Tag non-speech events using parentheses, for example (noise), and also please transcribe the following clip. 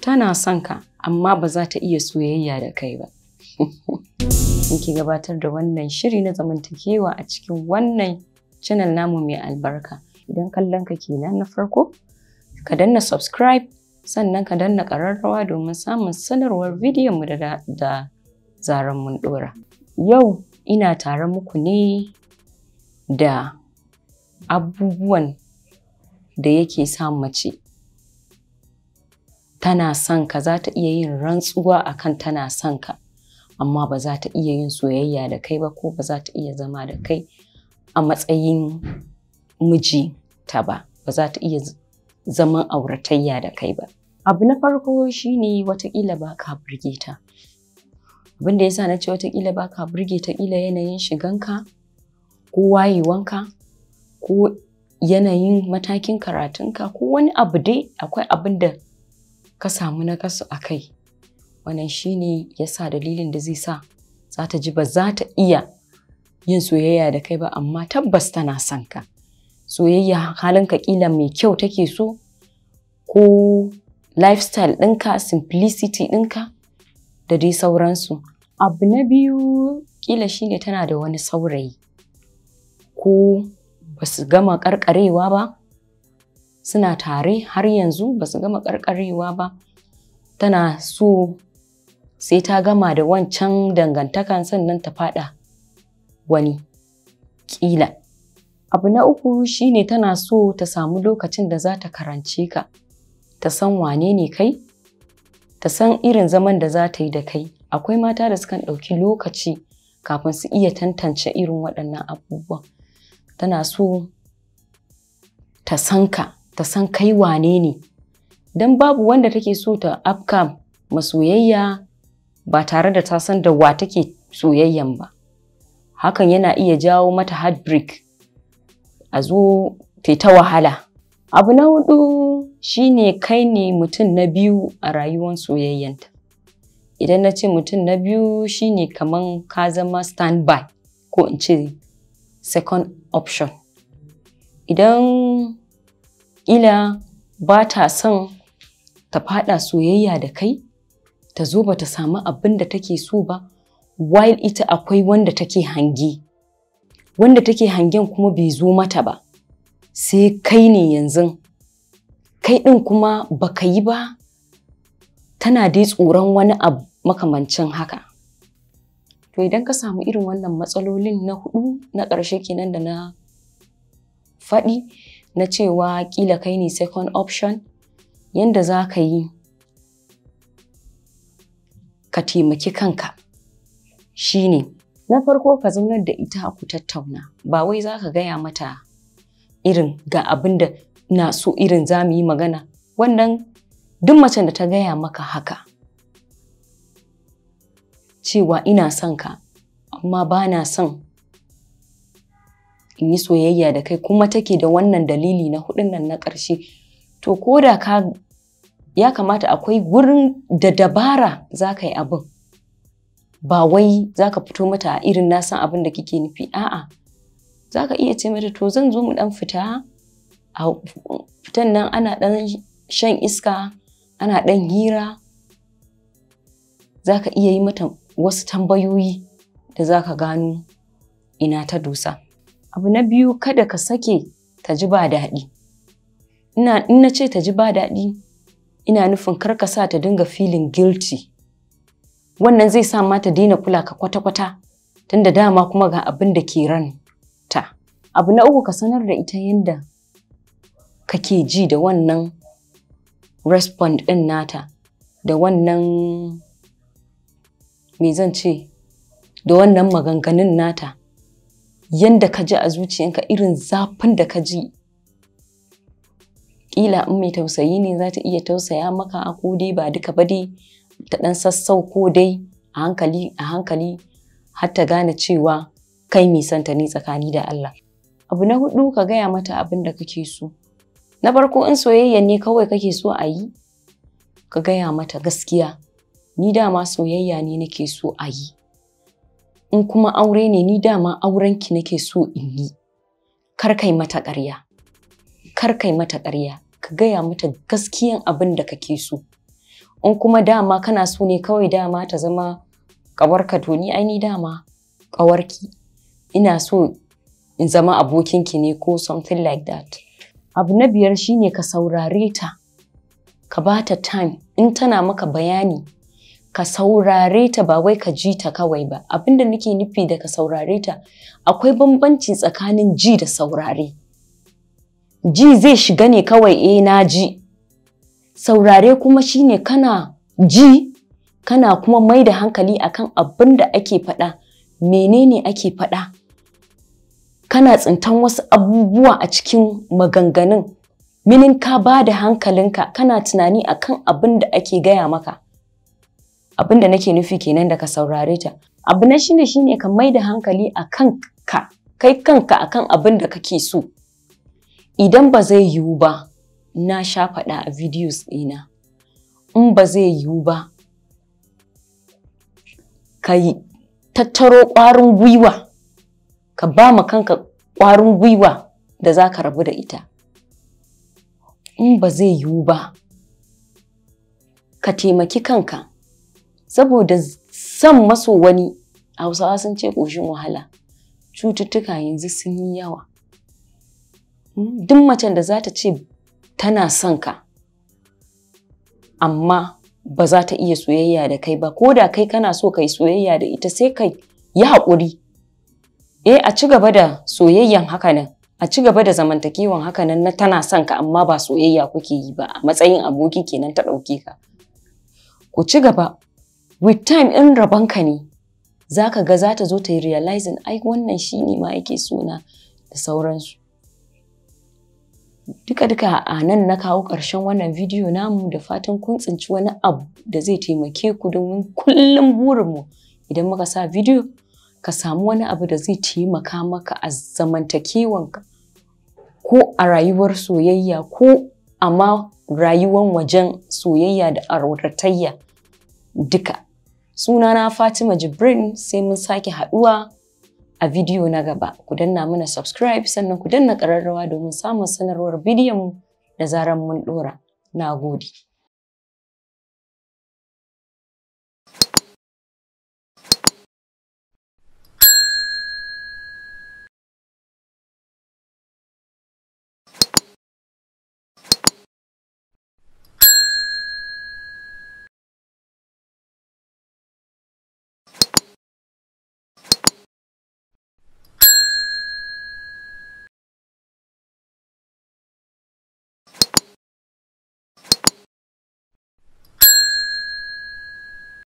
tana son ka amma ba za ta iya soyayya da kai ba. Muke (laughs) gabatar da wannan shiri na zamantakewa a cikin wannan channel namu mai albarka. Idan kallon ka kenan na farko, ka danna subscribe sannan ka danna ƙararrawa domin samun sanarwar bidiyon mu da, da zaren mun ɗora. Yau ina tare muku ne da abubuwan da yake sa mace tana son ka za ta iya yin rantsuwa a kan tana son ka amma ba za ta iya yin soyayya da kai ba ko ba za ta iya zama da kai a matsayin miji ta ba ba za ta iya zaman auratayya da kai ba abu na farko shine watakila ba ka burge ta abin da yasa na ce watakila ba ka burge ta kila yanayin shiganka ko wayewanka ko yanayin matakin karatunka ko wani abu dai akwai abin da ka samu na kasu a kai wannan shine yasa dalilin da zai sa za ta ji ba za ta iya yin soyayya da kai ba amma tabbas tana son ka soyayya halinka kila mai kyau take so ko lifestyle ɗinka simplicity ɗinka da dai sauransu abu na biyu kila shine tana da wani saurayi ko ba su gama karkarewa ba suna tare har yanzu ba su gama karkarewa ba tana so sai ta gama da wancan dangantakan sannan ta fada wani ƙila. abu na uku shine tana so ta samu lokacin da za ta karance ka ta san wane ne kai ta san irin zaman da za ta yi da kai akwai mata da sukan ɗauki lokaci kafin su iya tantance irin waɗannan abubuwan tana so ta san ka ta san kai wane ne don babu wanda take so ta afka masoyayya ba tare da ta san da wa take soyayyan ba hakan yana iya jawo mata heartbreak a zo ta ta wahala abu na hudu shine kai ne mutum na biyu a rayuwar soyayyanta idan na ce mutum na biyu shine kamar ka zama standby ko in ce second option idan ila ba ta son ta faɗa soyayya da kai ta zo ba ta samu abin da take so ba while ita akwai wanda take hangi. wanda take hangen kuma bai zo mata ba sai kai ne yanzu kai ɗin kuma baka yi ba tana dai tsoron wani abu makamancin haka to idan ka samu irin wannan matsalolin na hudu na ƙarshe kenan da na faɗi na cewa kila kai ne second option yanda za ka yi ka taimaki kanka shine na farko ka zaunar da ita ku tattauna ba wai za ka gaya mata irin ga abin da na so irin za mu yi magana wannan duk macen da ta gaya maka haka cewa ina son ka amma ba na son in yi soyayya da kai kuma take da wannan dalili na hudun nan na ƙarshe to ko da ka ya kamata akwai gurin da dabara za ka yi abin ba wai za ka fito mata a irin nasan abin da kike nufi a'a za ka iya ce mata to zan zo mu dan fita a fitan nan ana dan shan iska ana dan hira za ka iya yi mata wasu tambayoyi da za ka gano ina ta dosa. abu na biyu kada ka sake ta ji ba daɗi ina in na ce ta ji ba daɗi ina nufin kar ka sa ta dinga filin guilty wannan zai sa ma ta daina kula ka kwata-kwata tunda dama kuma ga abin da ke ran ta abu na uku ka sanar da ita yadda kake ji da wannan respond ɗin nata da wannan me zan ce da wannan maganganun nata yanda ka ji a zuciyanka irin zafin da ka ji ƙila in mai tausayi ne za ta iya tausaya maka a ko dai ba duka ba dai ta ɗan sassauko dai a hankali a hankali har ta gane cewa kai mai santa ne tsakani da Allah. Abu na hudu ka gaya mata abin da kake so. Na farko in soyayya ne kawai kake so a yi, ka gaya mata gaskiya. Ni dama soyayya ne nake so a yi. in kuma aure ne ni dama auren ki nake so in yi kar kai mata ƙarya kar kai mata ƙarya ka gaya mata gaskiyan abin da kake so in kuma dama kana so ne kawai dama ta zama ƙawarka to ni ai ni dama ƙawarki ina so in zama abokinki ne ko something like that abu na biyar shine ka saurare ta ka bata time in tana maka bayani ka saurare ta ba wai ka ji ta kawai ba abinda nake nufi da ka saurare ta akwai bambanci tsakanin ji da saurare ji zai shiga ne kawai eh na ji saurare kuma shine kana ji kana kuma mai da hankali akan abin da ake faɗa menene ake faɗa kana tsintan wasu abubuwa a cikin maganganun minin ka ba hankalinka kana tunani akan abin da ake gaya maka abin da nake nufi kenan da ka saurare ta abu na shine shine ka mai da hankali a kanka kai kanka akan abin da kake so idan ba zai yiwu ba na sha faɗa a videos ɗina in ba zai yiwu ba ka tattaro ƙwarin gwiwa ka ba ma kanka ƙwarin gwiwa da za ka rabu da ita in ba zai yiwu ba ka taimaki kanka saboda san maso wani hausawa sun ce ƙoshin wahala cututtuka yanzu sun yi yawa hmm, duk macen da za ta ce tana son ka amma ba za ta iya soyayya da kai ba ko da kai kana so ka yi soyayya da ita sai kai yi haƙuri eh a ci gaba da soyayyan hakanan a ci gaba da zamantakewan hakanan na tana son ka amma ba soyayya kuke yi ba a matsayin aboki kenan ta ɗauke ka ku ci gaba with time in rabonka ne zaka ga zata zo ta yi realizing ai wannan shi ne ma yake suna da sauransu duka-duka a nan na kawo ƙarshen wannan bidiyo namu da fatan kun tsinci wani abu da zai taimake ku domin kullum burinmu idan muka sa bidiyo ka samu wani abu da zai taimaka maka a zamantakewanka ko a rayuwar soyayya ko a ma rayuwan wajen soyayya da auratayya duka Sunana Fatima Jibrin sai mun sake haɗuwa a bidiyo na gaba. Ku danna mana subscribe sannan ku danna ƙararrawa domin samun sanarwar bidiyonmu da zarar mun ɗora. Na gode.